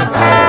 Amen.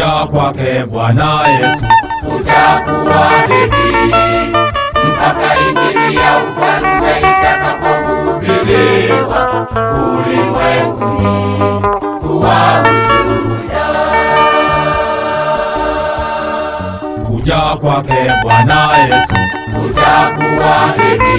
kuja kwake Bwana Yesu kutakuwa hiki mpaka injili ya ufalme itakapohubiriwa ulimwenguni kuwa ushuhuda. Kuja kwake Bwana Yesu kutakuwa hiki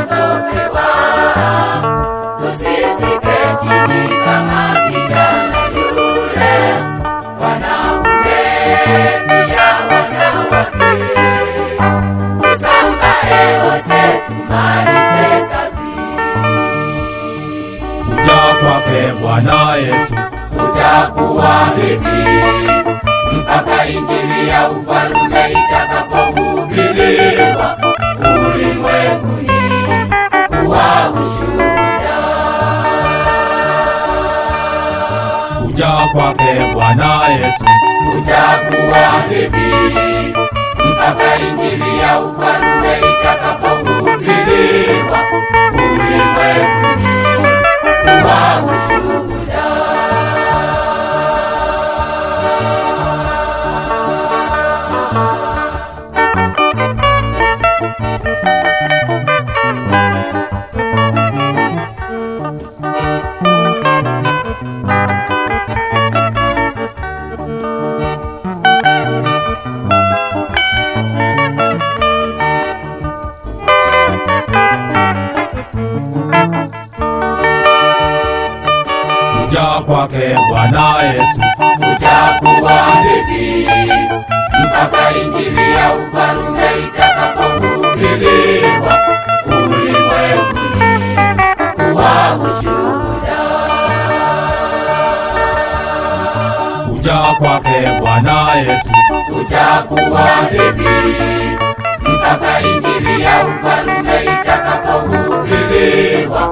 Bwana Yesu, utakuwa hivi mpaka injili ya ufalme itakapohubiriwa ulimwenguni kuwa ushuhuda. Kuja kwake Bwana Yesu utakuwa hivi mpaka injili ya ufalme itakapohubiriwa kwake Bwana Yesu kutakubariki mpaka injili ya ufalume itakapohubiriwa ulimwenguni kuwa ushuhuda. Kuja kwake Bwana Yesu kutakubariki mpaka injili ya ufalume itakapohubiriwa